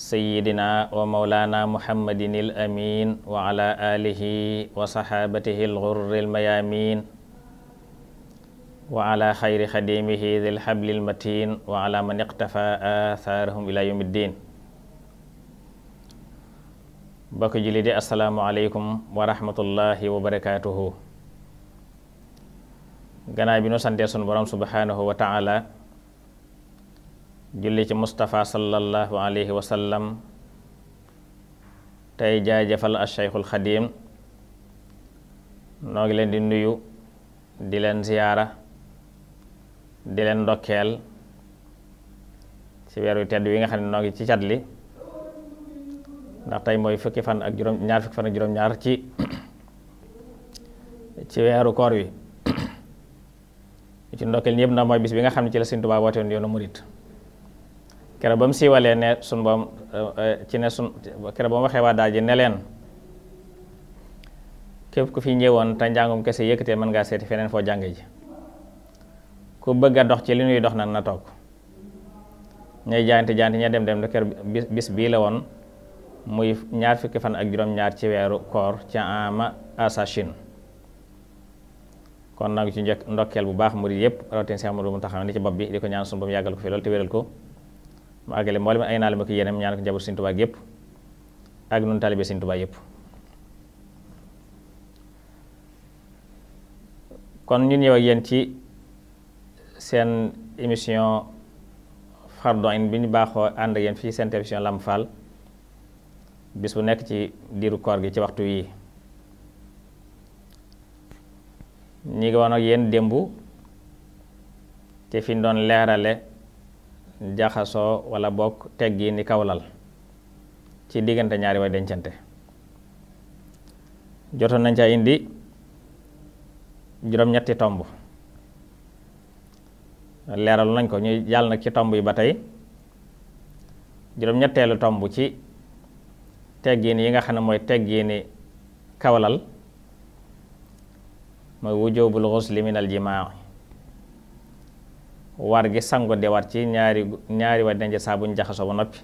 sayyidina wa mawlaana muhammadin il amiin wa ala aalihi wa saxaabatihi al ghurri al mayaamiin wa ala xayri xadimihi dil xabli al matiin wa ala man iqtafa aathaarahum ila yawmi ddiin bokk julli di assalaamu aleykum wa rahmatullahi wa barakaatuhu gannaaw bi nu santee sunu borom subhaanahu wa taala julli ci Moustapha sallallahu alayhi wa sallam tey jaajëfal a Cheikhul Xadim noo ngi leen di nuyu di leen ziyaara di leen ndokkeel ci weer wi tedd wi nga xam ne noo ci cat li ndax tey mooy fukki fan ak juróom ñaar fukki fan ak juróom ñaar ci ci weeru koor wi ci ndokkeel ñëpp na mooy bis bi nga xam ne ci la Sëriñ Tuubaa woote woon yoonu murit kere ba mu siiwalee ne sun boom eh, ci ne sun kere ba mu waxee waa daal ji ne leen képp ku fi ñëwoon te njàngum kese te mën ngaa seeti feneen foo jàng ji ku bëgg a dox ci li ñuy dox nag na toog ñay jaanti jaanti ña dem dem da kër bis bii la woon muy ñaar fukki fan ak juróom-ñaar ci weeru koor ci ama asachine kon nag ci njëkk ndokkeel bu baax murid yëpp rawatina Seex Amadu Muntaxa ni ci bopp bi di ko ñaan sunu borom yàggal ko fi loolu ko mu àggale mboolem ay naa la ma ko yéeneem ñaan ko njabootu Sëriñ Tuubaa yëpp ak nun taalibe Sëriñ Tuubaa kon ñu ñëw ak ci seen émission Fardul Hayni bi ñu baaxoo ànd ak fii seen télévision Lamp Fall bis bu nekk ci diiru koor gi ci waxtu yii ñi ngi woon ak yéen démb te fi ñu leerale jaxasoo wala bokk teggi ni kawlal ci diggante ñaari way dencante jotoon nañ ca indi juróom-ñetti tomb leeral nañ ko ñuy jàll nag ci tomb yi ba tey juróom-ñetteelu tomb ci teggiin yi nga xam ne mooy teg teggiini kawlal mooy wujubul xusli minal jimaa war gi sangu di war ci ñaari ñaari wa denc saa buñ jaxasoo ba noppi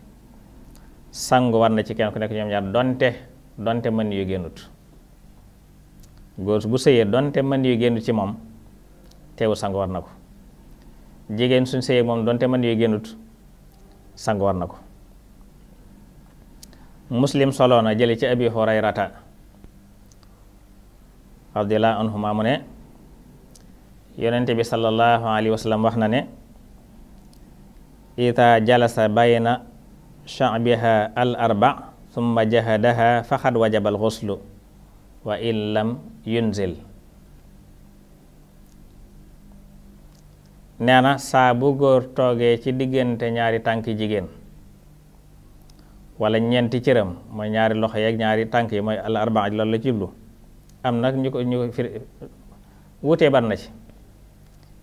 sangu war na ci kenn ku nekk ñoom ñaar donte donte mën yu génnut góor bu sëyee donte mën yu génnut ci moom teewul sangu war na ko jigéen suñ sëyee moom donte mën yu génnut sangu war na ko muslim soloona jële ci abi hurayrata radiyallahu anhuma mu ne yonente bi sallallahu alayhi wa wax na ne ita jalasa bayna sha'biha al arba summa jahadaha faqad wajaba ghuslu wa in lam yunzil nee na saa bu góor toogee ci diggante ñaari tànki jigéen wala ñeenti cëram mooy ñaari loxo yeeg ñaari tànk yi mooy al arbaa loolu la ci jublu am nag ñu ko ñu ko firi wutee ban na ci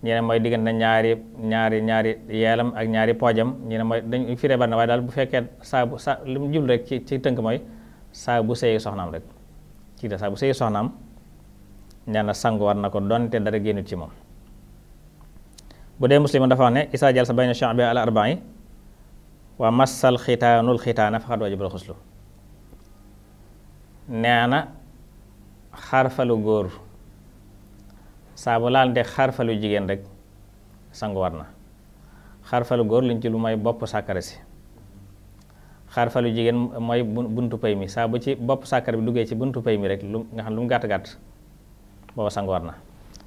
ñu ne mooy diggante ñaari ñaari ñaari yeelam ak ñaari poojam ñu ne mooy dañ firee bar waaye daal bu fekkee saabu bu saa li mu jublu rek ci tënk mooy saa bu sëyi soxnaam rek ci da saa bu sëyi soxnaam nee na sangu war na ko donte dara génnut ci moom bu dee muslim dafa wax ne isa jal sa bayna chambi al arba'i wa massal xitaanul xitaana faqad wajibal xuslu nee na xarfalu góor saa bu laal de xarfalu jigéen rek sangu war na xarfalu góor liñ ci lu mooy bopp sàkkara si xarfalu jigéen mooy bu buntu pay mi saa bu ci bopp sàkkara bi duggee ci buntu pay mi rek lu nga xam lu mu gàtt gàtt booba sangu war na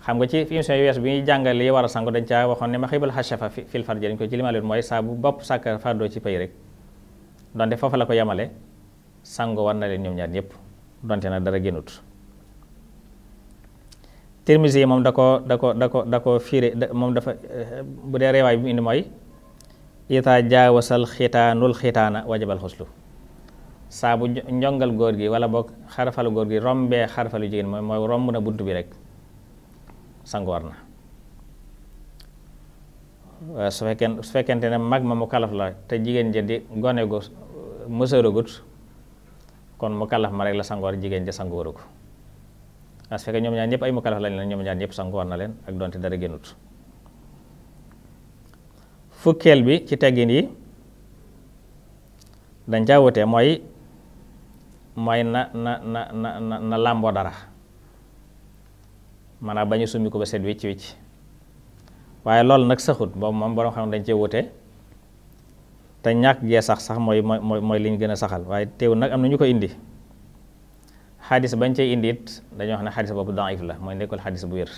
xam nga ci émission yu bi ñuy jàngal li war a sangu dañ caa waxoon ne ma xibal xachafa fil farj dañ ko ci limaale mooy saabu bu bopp sàkkara fàddoo ci pay rek donte foofu la ko yemale sangu war na leen ñoom ñaar ñëpp donte na dara génnut Tirmisi moom da koo da ko da ko da koo fiire moom dafa eh, bu dee reewaay bi mu indi mooy itaa jaawasal xitaanul xitaana wajabal xuslu saa njongal góor gi wala boog xarfalu góor gi rombee xarfalu jigéen mooy mooy romb na bunt bi rek sangoor na su fekkee su fekkente ne mag ma mu kalaf la te jigéen ja di gone gu eh, mësëragut kon mu kalaf ma rek la sangoor jigéen ja sangooru ko parce que ñoom ñaar ñëpp ay mukallaf lañ leen ñoom ñaar ñëpp sangu war na leen ak donte dara génnut fukkeel bi ci teggin yi dañ ca wute mooy mooy na na na na làmboo dara maanaam bañu summi ko ba set wicc wicc waaye loolu nag saxut boobu moom borom xam dañ cee wute te ñàkk gee sax sax mooy mooy mooy liñ gën a saxal waaye teewul nag am na ñu ko indi xadis bañ cay indi it dañuy wax ne xadis boobu daif la mooy nekkul xadis bu wér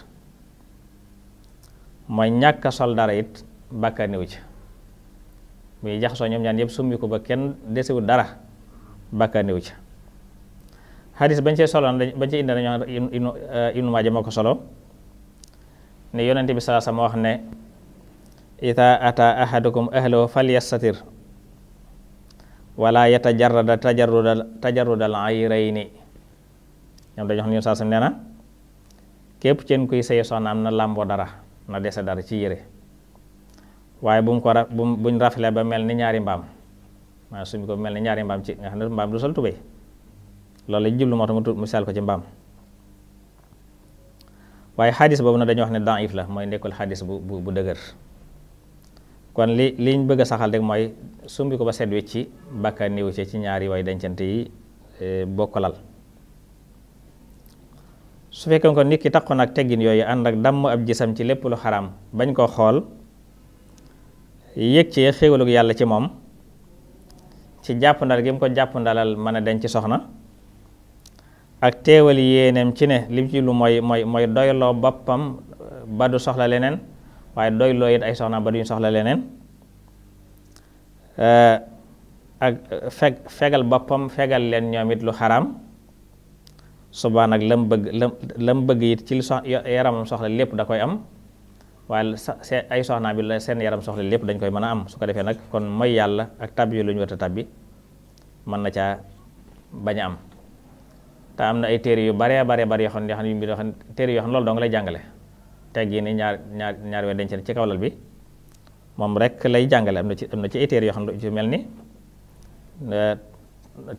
mooy ñàkk a sol dara it bàkkaar néew ci muy jaxasoo ñoom ñaan yëpp summi ko ba kenn desewul dara bàkkaar néew ci xadis bañ eh, ko solo ne yonente bi sallallahu alayhi wasallam wax ne ita ata ahadukum ahlahu falyastatir wala yatajarrada tajarruda tajarruda al ayrayni ñoom dañoo xam ne saa su nee na képp ceen kuy sëy soxnaam na làmboo dara na dese dara ci yére waaye bu mu ko bu buñ rafle ba mel ni ñaari mbaam suñ suñu ko mel ni ñaari mbaam ci nga la jublu moo ci mbaam waaye xadis boobu na dañu wax ne daif la mooy nekkul xadis bu bu dëgër kon li liñ bëgg a saxal rek mooy sumbi ko ba set wecc ci bàkkaar néew ñaar ñaari way dencante yi eh, bokkalal su fekkee ko nit ki takkoon ak teggin yooyu ànd ak damm ab jisam ci lépp lu xaraam bañ koo xool yëg ci xéwalug yàlla ci moom ci jàppandal gi mu ko jàppandalal mën a denc soxna ak teewal yéeneem ci ne lim ci lu mooy mooy mooy doyloo boppam ba du soxla leneen waaye doyloo it ay soxna ba duñ soxla leneen eh, ak feg fegal boppam fegal leen ñoom it lu xaraam subaa nag lam bëgg lam bëgg it ci li sox yaramam soxla lépp da koy am waaye ay soxnaa bi la seen yaram soxla lépp dañ koy mën a am su ko defee nag kon mooy yàlla ak tab yi ñu war a mën na caa bañ am te ay téere yu baree baree bari yoo xam ne yoo xam ne yoo xam ne téere yoo loolu donga lay jàngale teggi ni ñaar ñaar ñaar we denc ci kawlal bi moom rek lay jàngale am na ci am na ci ay téere yoo xam ne ci mel ni eh,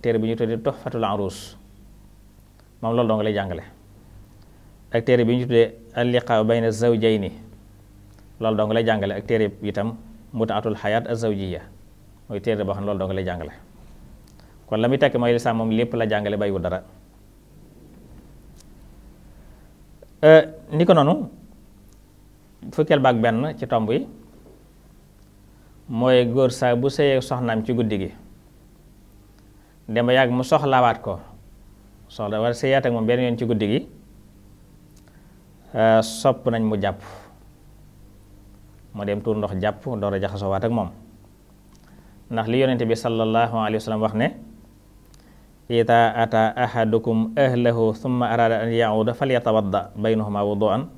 téere bi ñu tuddee Tuhfatul Arus moom loolu dong lay jàngale ak téere bi ñu tuddee al-liqaa bayna zawjayni loolu dong lay jàngale ak téere itam taxatul xayaat az-zawjiyya mooy téere boo xam ne loolu dong lay jàngale kon la muy tekk mooy lislaam moom lépp la jàngale bàyyiwul dara euh, ni ko noonu fukkeel baag benn ci tomb yi mooy góor saa bu sëyee soxnaam ci guddi gi dama yàgg mu soxlaawaat ko soxna war sëyaat ak moom benn yoon ci guddi gi euh, sopp nañ mu jàpp mu dem tuur ndox jàpp door a jaxasoo waat ak moom ndax li yonente bi sallallahu alayhi wax ne ida ata ahadukum ahlahu thumma arada an yauda wuduan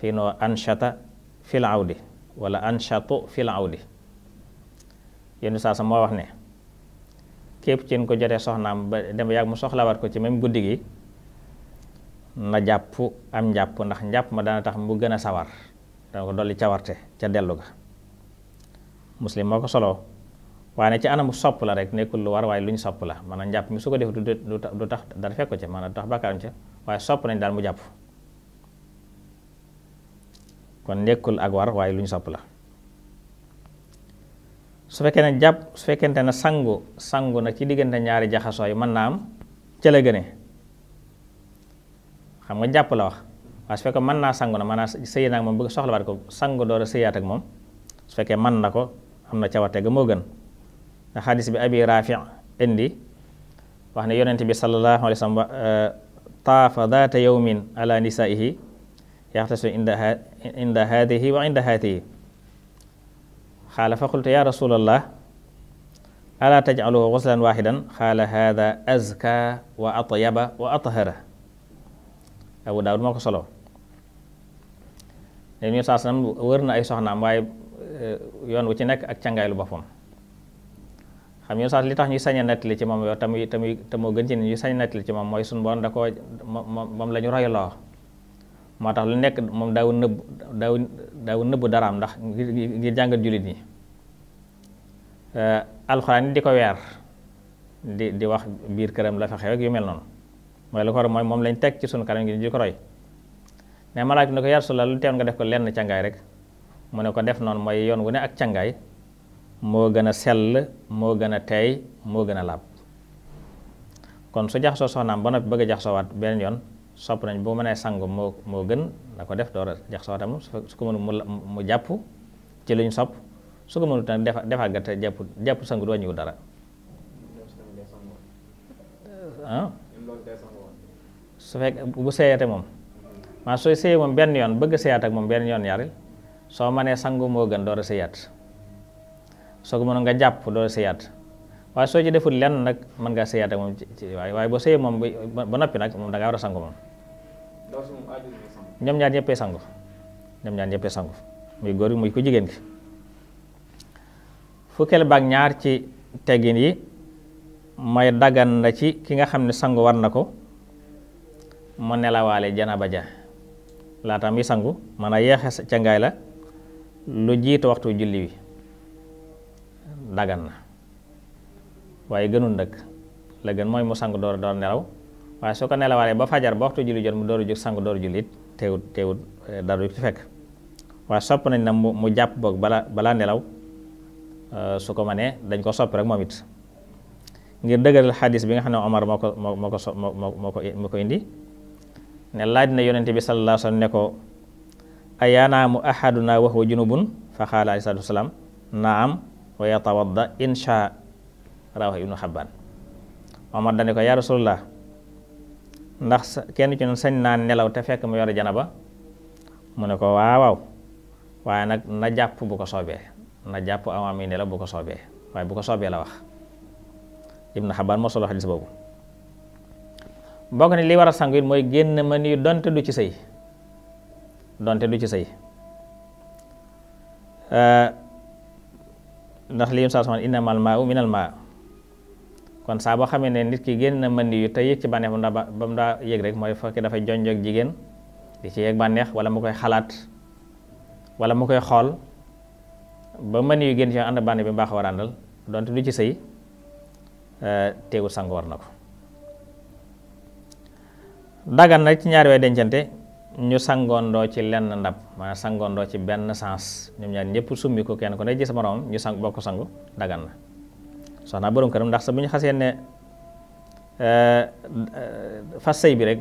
fii noo anshata fil awdi wala anshatu fil awdi yéen saa sa moo wax ne képp ci ko jotee soxnaam ba dem yàgg mu soxlawaat ko ci même guddi gi na jàpp am njàpp ndax njàpp ma dana tax mu gën a sawar dana ko dolli cawarte ca dellu ga muslim moo ko solo waaye ne ci anamu sopp la rek nekkul lu war waaye lu ñu sopp la maanaam njàpp mi su ko def du tax dara fekk ko ca maanaam du tax bàkkaaram ca waaye sopp nañ daal mu jàpp kon nekkul ak war waaye lu sopp la su fekkee na jàpp su fekkente ne sangu sangu nag ci diggante ñaari jaxasooy man naa am ca gëne xam nga jàpp la wax waaye su fekkee mën naa sangu na mën naa sëyi naag moom bëgg soxlawaat ko sangu door a sëyaat ak moom su fekkee mën na ko am na cawate ga moo gën ndax xadis bi abi rafi indi wax ne yonente bi sallallahu alayhi wa sallam taafa daata yawmin ala nisaihi yaxtasu inda inda haadihi wa inda haatihi xaala fa qultu ya rasulallah ala tajcaluhu xuslan waxidan xaala hada azka wa atyaba wa athara abu daawud moo ko solo ne ñu saa sanam wër na ay soxnaam waaye eh, yoon wu ci nekk ak càngaayu lu boppam xam ñu saas li tax ñuy sañ a nettali ci moom yow tamuy tamuy gën ci ne ñuy sañ a ci moom mooy suñu borom da ko moom la ñu moo tax lu nekk moom daawu nëbb daawu daawu nëbb daraam ndax ngir jàngal jullit ñi euh, alxuraan di ko weer di di wax biir këram la fa xew ak yu mel noonu mooy la ko war mooy moom lañ teg ci suñu kanam gi di ko roy mais malaaj bi ne ko yar su la lu teewoon nga def ko lenn càngaay rek mu ne ko def noonu mooy yoon wu ne ak càngaay moo gën a sell moo gën a teey moo gën a laab kon su jaxasoo soxnaam ba noppi bëgg a jaxasoowaat beneen yoon sopp nañ bu mënee sangu moo moo gën da ko def door a jax sootam su ko mënu mu jàpp ci lu ñu sopp su ko mënu nag jàpp jàpp sangu du wàññiwul dara ah su fekk bu seeyate moom maa sooy seeyee moom benn yoon bëgg seeyaat ak benn yoon ñaaril soo mënee sangu moo gën door a seeyaat soo ko mënu nga jàpp door a seeyaat waaye soo ci deful lenn nag mën ngaa seeyaat moom ci waaye waaye boo seeyee moom ba noppi nag moom da ngaa war a sangu moom ñoom ñaar ñëppee sangu ñoom ñaar ñëppee sangu muy góor yi muy ku jigéen ki fukkeel baag ñaar ci teggin yi mooy daggan na ci ki nga xam ne sangu war na ko mu nelawaale janaba ja laata muy sangu mën a yeexe cangaay la lu jiitu waxtu julli wi dagan na waaye gënul nag la gën mooy mu sangu door door nelaw waaye soo ko nelawalee ba fajar ba waxtu julli jot mu dooru jóg sangu dooru jullit teewut teewut eh, dara du ci fekk waaye sopp nañ na mu jàpp boog bala balaa nelaw eh, su ko mënee dañ ko sopp rek moom it ngir dëgëral xadis bi nga xam ne Omar moo ko moo ko moo ko moo indi ne laaj na yonente bi sallallahu alayhi wa sallam ne ko ayanaamu ahaduna wa huwa junubun fa xaala alayhi salaatu wasalaam naam wa yatawadda insha rawahu ibnu xabbaan Omar dane ko yaa rasulullah ndax kenn ci ñun naa nelaw te fekk mu yore janaba mu ne ko waaw waaw waaye nag na jàpp bu ko soobee na jàpp avant muy nelaw bu ko soobee waaye bu ko soobee la wax Ibn Xabaan moo solo xadis boobu bokk ne lii war a sangu it mooy génn ma nii donte du ci sëy donte du ci sëy ndax li yim saa sama innamal maa'u minal maa' kon saa boo xamee ne nit ki génn na mën yu te yëg ci bànneex ba ba mu daa yëg rek mooy fekk dafay jonjoog jigéen di ci yëg bànneex wala mu koy xalaat wala mu koy xool ba mën yu génn ci ànd bànneex bi mu baax war a àndal donte du ci sëy euh, teewul sang war na ko dagan nag ci ñaari way dencante ñu sangoon doo ci lenn ndab sangoon doo ci benn sens ñoom ñaar ñëpp summi ko kenn ku ne gis moroom ñu boo ko sangu dagan na soxna borom këram ndax sa bu ñu xasee ne eh, fas sëy bi rek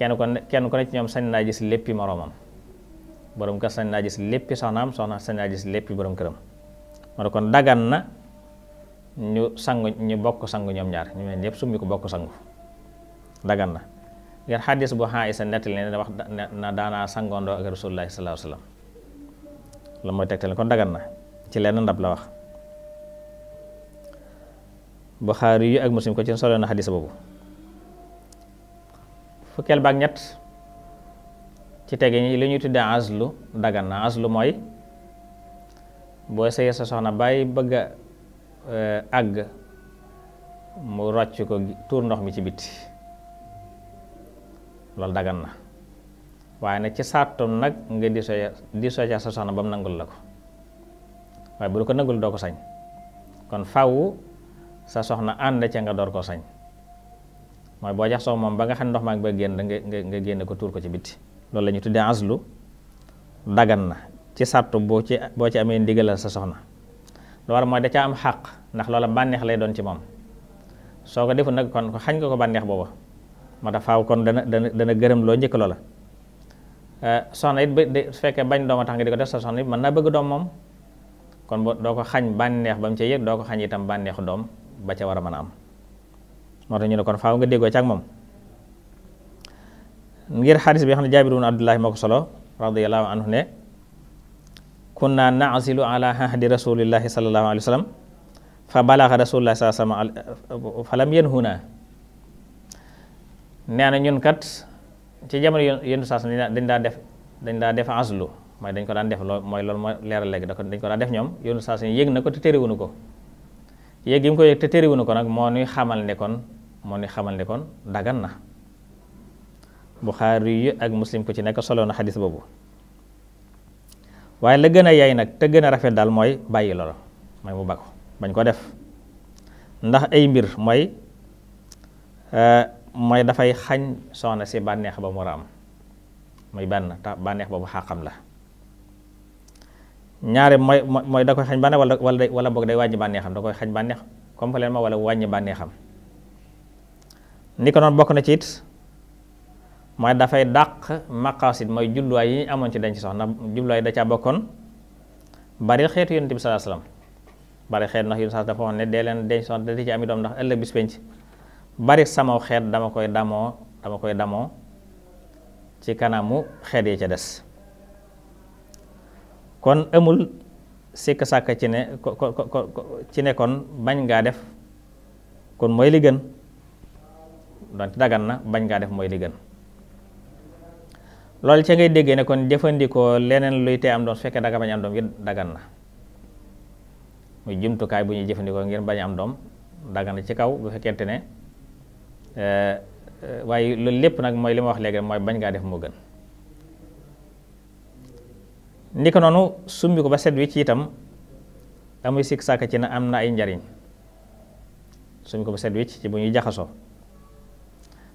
kenn ko kenn ko ne ci ñoom sañ naa gis léppi moroomam borom kër sañ naa gis léppi am soxna sañ naa gis léppi borom këram moo kon dagan na ñu sangu ñu bokk sangu ñoom ñaar ñu ne ñëpp summi ko bokk sangu dagan na ngeen xaddis bu Aysa nettali ne wax na daanaa sangoondoo ak rasulullaahi sallallaahu alayhi wa sallam la mooy tegtal kon dagan na ci lenn ndab la wax Buxaari yi ak Muslim ko ci solo na xadis boobu fukkeel ba ak ñett ci tege ñi li ñuy tuddee aslu dagan na aslu mooy boo sëyee sa soxna bàyyi bëgg a eh, àgg mu rocc ko tuur ndox mi ci biti loolu dagan na waaye nag ci sàttum nag nga di soo di soo ca sa soxna ba mu nangul la ko waaye bu du ko nangul doo ko sañ kon fawu sa soxna ànd ca nga door koo sañ mooy boo jax soo moom ba nga xam ndox maag ba génn nga nga génne ko tuur ko ci bitti loolu la ñu tuddee aslu dagan na ci sartu boo ci boo ci amee ndigalal sa soxna lu war mooy da ca am xàq ndax loola bànneex lay doon ci moom soo ko defu nag kon xañ nga ko bànneex booba moo tax kon dana dana dana gërëm loo njëkk loola euh, soxna it ba su fekkee bañ dooma tax nga di ko def sa soxna it mën naa bëgg doom moom kon boo doo ko xañ bànneex ba mu ca yëg doo ko xañ itam bànneexu doom ba ca war a mën a am moo tax ñu ne kon faaw nga déggoo ci ak moom ngir xadis bi xam ne jaabir abdullahi moo ko solo radiyallahu anhu ne kunna naasilu ala ahdi rasulillahi sallallahu alayhi wa sallam sa balagha rasulullahi sallallahu alayhi wa sallam fa lam yanhuna nee na ñun kat ci jamono yenn saa si dañ daa def dañ daa def aslu mooy dañ ko daan def lool mooy loolu mooy leeral léegi dañ ko daan def ñoom yenn saa si yëg na ko te terewunu ko yéeg gi mu ko yéeg te téerewuñu ko nag moo nuy xamal ne kon moo nuy xamal ne kon daggan na buxaari yi ak muslim ko ci nekk solo na xadis boobu waaye la gën a yaay nag te gën a rafet daal mooy bàyyi loolu mooy mu bako bañ ko def ndax ay mbir mooy euh, mooy dafay xañ soxna si bànneex ba mu raam muy benn ta bànneex ba mu xàqam la ñaare mooy mooy da koy xañ bànneex wala wala day wala boog day wàññi bànneexam da koy xañ bànneex ma wala wàññi bànneexam ni ko noonu bokk na ci it mooy dafay dàq maqaasid mooy jubluwaay yi ñu amoon ci dañ ci soxna jubluwaay da caa bokkoon bari xeetu yonent bi sallallahu alayhi wasallam bari xeet ndax yonent sax dafa wax ne dee leen denc soxna da ci am i doom ndax ëllëg bis penc bari sama xeet dama koy damoo dama koy damoo ci kanamu xeet yi ca des kon amul sikk sàkk ci ne ko ko ko ci ne kon bañ ngaa def kon mooy li gën donc dagan na bañ ngaa def mooy li gën loolu ca ngay déggee ne kon jëfandikoo leneen luy tee am doom su fekkee danga bañ am doom it na muy jumtukaay bu ñuy jëfandikoo ngir bañ am doom dagan na ci kaw bu fekkente ne eh, eh, waaye loolu lépp nag mooy li ma wax léegi mooy bañ ngaa def moo gën ni ko noonu sumbi ko ba set wi ci itam amuy sikk sàkk ci na am na ay njariñ sumbi ko ba sedd wi ci bu ñuy jaxasoo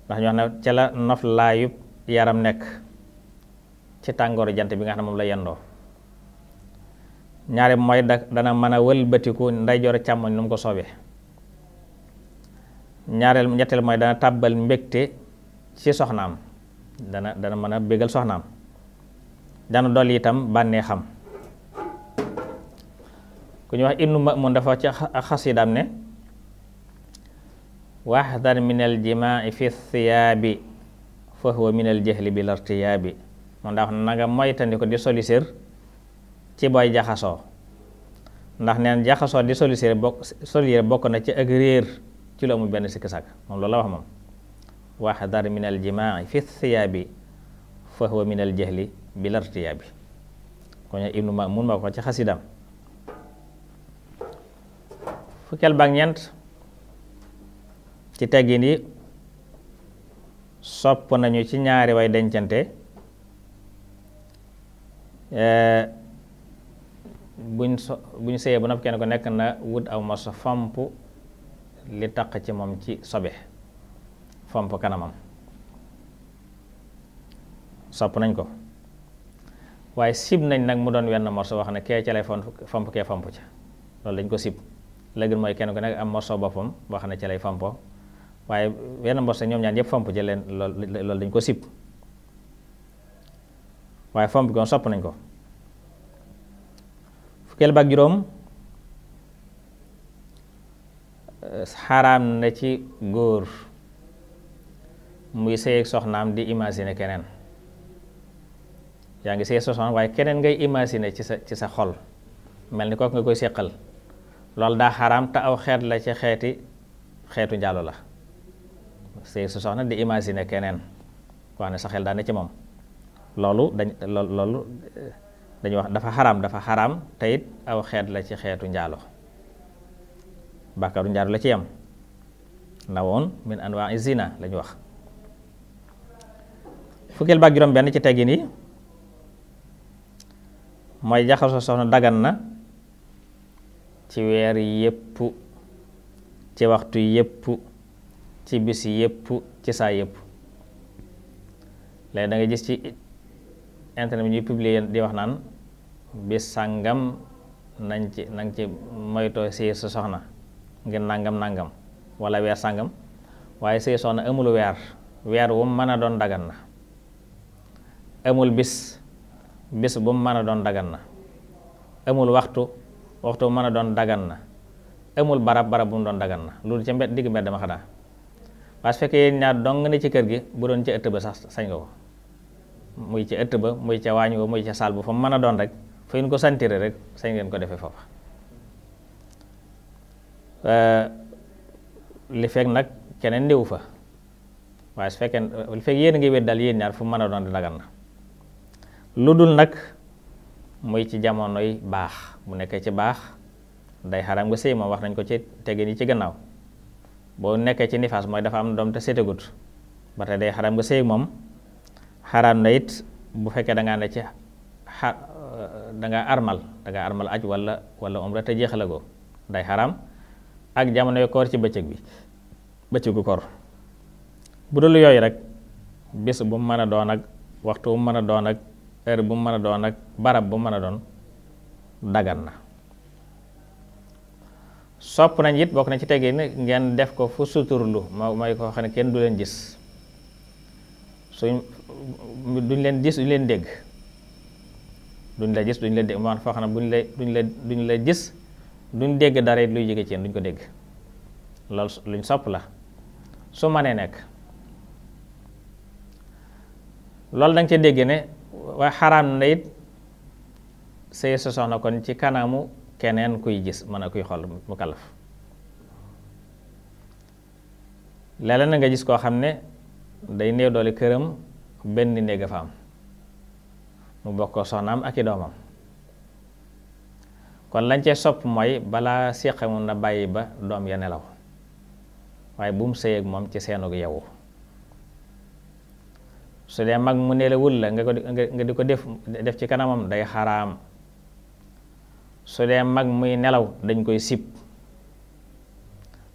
ndax ñu wax ne ca nof laayub yaram nekk ci tàngooru jant bi nga xam ne moom la yendoo ñaare mooy da dana mën a wëlbatiku ndeyjoor càmmoñ nu mu ko soobee ñaareel ñetteel mooy dana tàbbal mbégte ci soxnaam dana dana mën a bégal soxnaam dana dolli itam bànnee xam ku ñu wax ibnu mamun dafa ci xasidaam ne waxdar min jimaa fi thiyaabi fa huwa min al jahli bil irtiyaabi moom daa wax na moytandi ko di solisir ci booy jaxasoo ndax neen jaxasoo di solisir bokk solisir bokk na ci ak réer ci lu amul benn sikki sàkk moom loolu la wax moom waxdar min al jimaa fi thiyaabi fa huwa min al jahli bi lartiyaa bi koña ibnu Maamun maa ko ci xasidaam fukkeel baak ñeent ci teggin yi sopp nañu ci ñaari way dencante eh, buñ so buñ sëyee bu nopp kenn ko nekk na wut aw ma sa fomp li taq ci moom ci sobe fomp kanamam sopp nañ ko waaye sib nañ nag mu doon wenn morso wax na kee ca lay famp kee famp ca loolu dañ ko sib la gën mooy kenn ko nekk am morso boppam wax na ca fompo waaye wenn morso ñoom ñaan yëpp famp ca leen lool dañ ko sib waaye famp goon sopp nañ ko fukkeel ba ak juróom xaraam na ci góor muy sëyeeg soxnaam di imaginer keneen yaa ngi see sosoon waaye keneen ngay imaginer ci sa ci sa xol mel ni kooku nga koy seqal loolu daa xaraam te aw xeet la ci xeeti xeetu njaalo la see sosoon di imaginer keneen koo xam ne sa xel daa ne ci moom loolu dañ loolu eh, dañuy wax dafa xaram dafa xaram teyit aw xeet la ci xeetu njaalo bàkkaaru njaalo la ci yam nawoon min anwaa zina la wax fukkeel baak juróom benn ci teggin yi mooy jaxasoo soxna daggan na ci weer yépp ci waxtu yépp ci bis yépp ci saa yépp léegi da nga gis ci internet bi ñuy publier di wax naan bis sangam nañ ci nañ ci moytoo séy sa soxna ngir nangam nangam walla weer sangam waaye séy soxna amul weer weer wu mën a doon dagan na amul bis bés bu mu mën a doon dagan na amul waxtu waxtu bu mën a doon dagan na amul barab barab bu mu doon dagan na loolu ca mbedd digg mbedd dama xanaa parce que yéen ñaar ne ci kër gi bu doon ci ëtt ba sax sañ muy ci ëtt ba muy ca waañ wa ca saal bu fa mu mën a doon rek fu ko santire rek sañ ngeen ko defee foofa eh, li fekk nag keneen néew fa waaye su fekkee li fekk yéen a ngi dal yéen ñaar fu mu mën a doon di dagan na lu dul nag muy ci jamonoy baax mu nekkee ci baax day xaram nga sëy moom wax nañ ko ci tegin ci gannaaw boo nekkee ci nifaas mooy dafa am doom te séetagut ba te day xaram nga sëy moom xaram na it bu fekkee dangaa ngaa ne ci xa da armal da armal aj wala wala umra te jeexalagoo day xaram ak jamonoy koor ci bëccëg bi bëccëgu koor bu dul yooyu rek bis bu mën a doon ak waxtu mën a doon ak heure bu mu mën a doon ak barab bu mën a doon dagan na sopp nañ it bokk nañ ci tegee ni ngeen def ko fu suturlu ma mooy koo xam ne kenn du leen gis suñ duñ leen gis duñ leen dégg duñ la gis duñ la dégg foo xam ne buñ la duñ la duñ la gis duñ dégg dara luy jege ci yéen duñ ko dégg loolu luñ sopp la su mënee nekk loolu da nga ca ne waaye xaraam na it sëy sa soxna kon ci kanaamu keneen kuy gis mën a kuy xol mu kalaf léeg na nga gis koo xam ne day néew doole këram benn néeg a fa am mu bokk soxnaam ak i doomam kon lañ cee sopp mooy balaa séqamu na bàyyi ba doom ya nelaw waaye bu mu sëyeeg moom ci seenug yewu su dee mag mu ne la wul la nga ko nga di ko def def ci kanamam day xaraam su dee mag muy nelaw dañ koy sib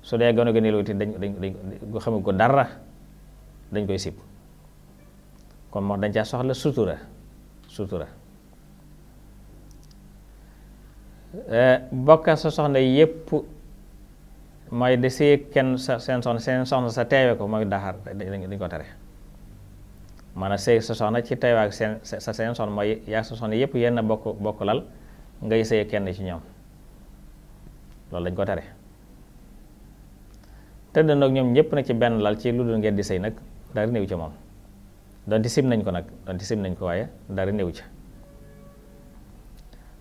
su dee gone gu nelaw dañ dañ dañ ko xamul ko dara dañ koy sib kon moo dañ caa soxla sutura sutura eh, bokka sa soxna yépp mooy de see kenn sa seen soxna seen soxna sa teewe ko mooy daxar dañ ko tere maanaam sëy sa soxna ci teew seen sa seen son mooy yaa sa soxna yëpp yenn bokk bokk lal ngay sëy kenn ci ñoom loolu lañ ko tere tëdd nag ñoom ñëpp nag ci benn lal ci lu dul ngeen di sëy nag dara néew ca moom donte sim nañ ko nag donte sim nañ ko waaye dara néew ca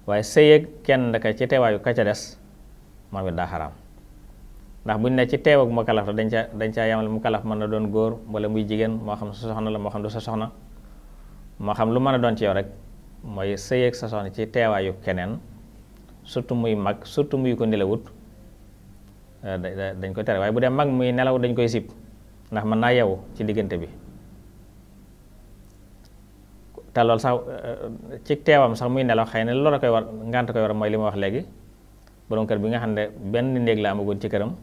waaye sëyeeg kenn ndaka ci teewaayu ka ca des moom it daa xaraam ndax buñ ne ci teew ak mukalaf dañ ca dañ caa yamal mukalaf mën na doon góor wala muy jigéen moo xam sa soxna la moo xam du sa xam lu mën a doon ci yow rek mooy sëyeeg sa soxna ci teewaayu keneen surtout muy mag surtout muy ko nelawut eh, dañ ko tere waaye bu dee mag muy nelaw dañ koy sib ndax mën naa yeewu ci diggante bi te loolu sax eh, ci teewam sax muy nelaw xëy na loolu koy war ngànt koy war mooy li ma wax léegi borom kër bi nga xam ne benn néeg la amagoon ci këram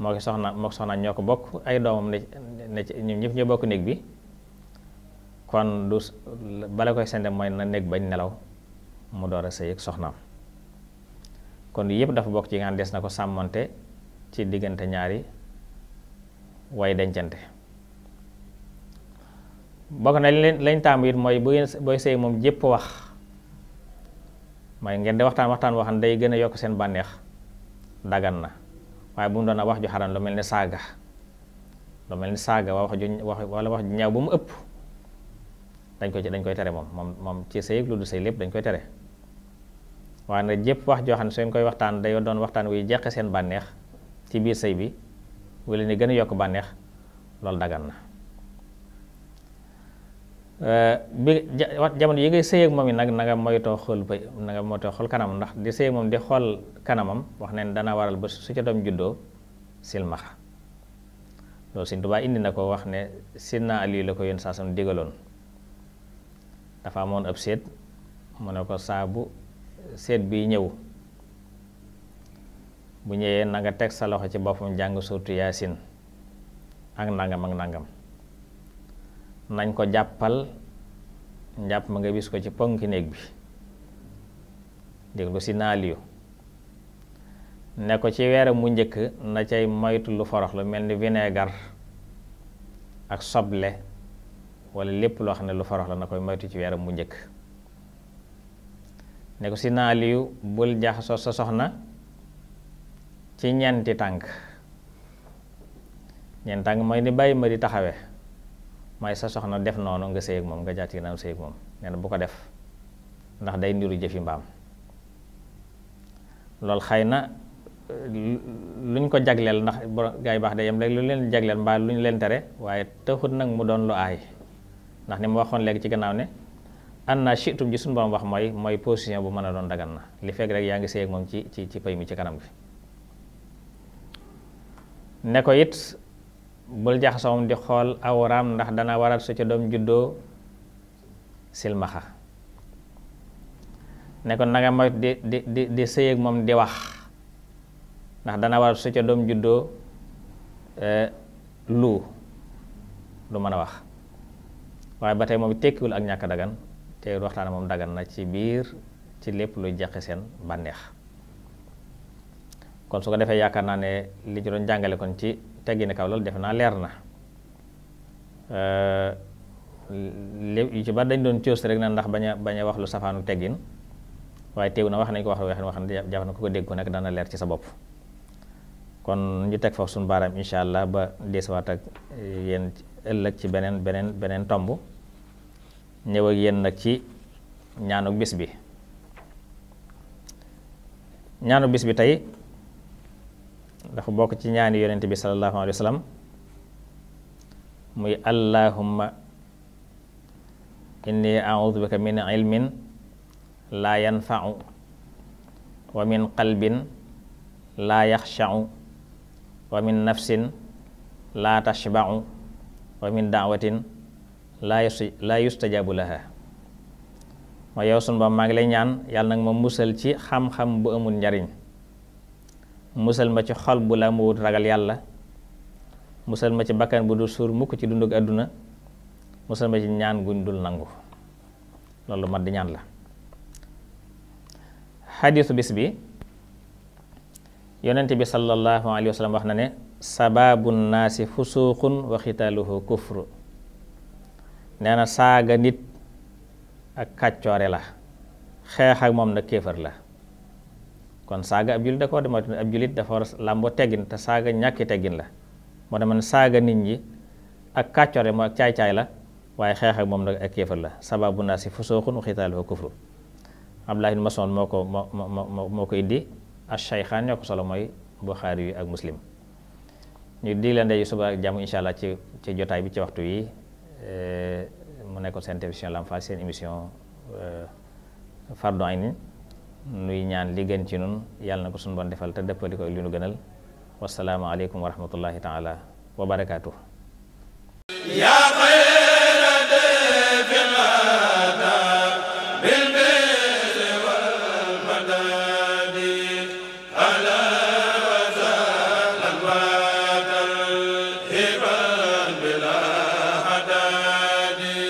moo ko soxna moo ko soxna ñoo ko bokk ay doomam ne ne ci ñoom ñëpp ñoo bokk néeg bi kon du bala koy sende mooy na néeg bañ nelaw mu door a sëy ak soxnaam kon yëpp dafa bokk ci nga des na ko sàmmante ci diggante ñaari waaye dencante bokk na lañ tàmm it mooy bu booy sëy moom jëpp wax mooy ngeen di waxtaan waxtaan waxan day gën a yokk seen bànneex dagan na waaye bu mu doon wax ju xaram lu mel ni saaga lu mel ni saaga wax ju wax walla wax ju ñaaw bu mu ëpp dañ koy dañ koy tere moom moom moom ci sëy lu du sëy lépp dañ koy tere waaye nag jépp wax joo xam ne seen koy waxtaan day doon waxtaan wuy jeqe seen bànneex ci biir sëy bi wala ne gën a yokk bànneex loolu dagan na Euh, bi jamono yi ngay sëy ak moom yi nag naga moytoo xool ba na nga moytoo xool kanamam ndax di sëy ak moom di xool kanamam wax ne dana waral ba su ca doom juddoo silmaxa loolu Sëñ Tuubaa indi na ko wax ne naa lii la ko yéen saa sam digaloon dafa amoon ab seet mu ne ko saabu seet bi ñëw bu ñëwee nanga teg sa loxo ci boppam jàng surtu yaasin ak nangam ak nangam nañ ko jàppal njàpp ma nga bis ko ci ponk néeg bi déglu si naaliyu ne ko ci weeram mu njëkk na cay moytu lu forox la mel ni vinaigre ak soble wala lépp loo xam ne lu forox la na koy moytu ci weeram mu njëkk ne ko si naaliyu bul jaxasoo sa soxna ci ñeenti tànk ñeenti tànk mooy ni bàyyi ma di taxawee mooy sa soxna def noonu nga sëy ak moom nga jaat ginaaw sëy ak moom nee bu ko def ndax day niru jëfi mbaam loolu xay na luñ ko jagleel ndax gaa yi day yem léegi lu leen jagleel mbaa lu ñu leen tere waaye taxut nag mu doon lu aay ndax ni mu waxoon léegi ci gannaaw ne ànd naa chitum ji ba borom wax mooy mooy position bu mën a doon dagan na li fekk rek yaa ngi sëy ak moom ci ci ci pay mi ci kanam bi ne ko it bul jaxasoom di xool awraam ndax dana waral su ca doom juddoo silmaxa ne ko nanga moytu di di di di sëyeeg moom di wax ndax dana waral su ca doom juddoo eh, lu du mën a wax waaye ba tey moom tekkiwul ak ñàkk dagan te waxtaan moom dagan na ci biir ci lépp luy jeqi seen bànneex kon su ko defee yaakaar naa ne li ñu doon jàngale kon ci teggi na kaw loolu def naa leer na yu euh, ci ba dañ doon coos rek na ndax bañ a bañ a wax lu safaanu teggin waaye teew na wax nañ ko wax waxin waxin jàpp na ko ko dégg ko nekk dana leer ci sa bopp kon ñu teg foofu suñu baaraam incha allah ba deesuwaat ak eh, yéen ëllëg ci beneen beneen beneen tomb ñëw ak yéen nag ci ñaanu bis bi ñaanu bis bi tey dafa bokk ci ñaani yonent bi sallallahu alayhi wa sallam muy allahumma inni audu bika min ilmin laa yanfau wa min qalbin laa yaxshau wa min nafsin laa tashbau wa min daawatin laa yusta laa yustajaabu laha ma yow sun ba maa ngi lay ñaan yàlla nag ma musal ci xam-xam bu amul njariñ musal ma ci xol bu la mu ragal yàlla musal ma ci bakkan bu dul suur mukk ci dundug àdduna musal ma ci ñaan guñ dul nangu loolu mat di ñaan la xadiisu bis bi yonent bi sallallahu alayhi wax na ne sababu naasi fusuuqun wa xitaaluhu kufru nee na saaga nit ak kàccoore la xeex ak moom nag kéefar la kon saaga ab jullit da ab jullit dafa war a làmboo teggin te saaga ñàkki teggin la moo tax man saaga nit ñi ak kàccore moo ak caay-caay la waaye xeex ak moom nag ak kéefar la sababu naa si fusooxun wa xitaaluhu kufru Abdullah ibn Mas'ud moo ko moo moo moo ko indi ash-Shaykhaan ñoo ko solo mooy yi ak Muslim ñu di leen day suba ak jàmm incha allah ci ci jotaay bi ci waxtu yi eh, mu nekkoon sen télévision Lamp Fall seen émission eh, Fardul Hayni nuy ñaan li ci nun yàlla na ko suñu bon defal te dëppali ko li nu gënal wassalaamu aleykum wa rahmatullahi taala wa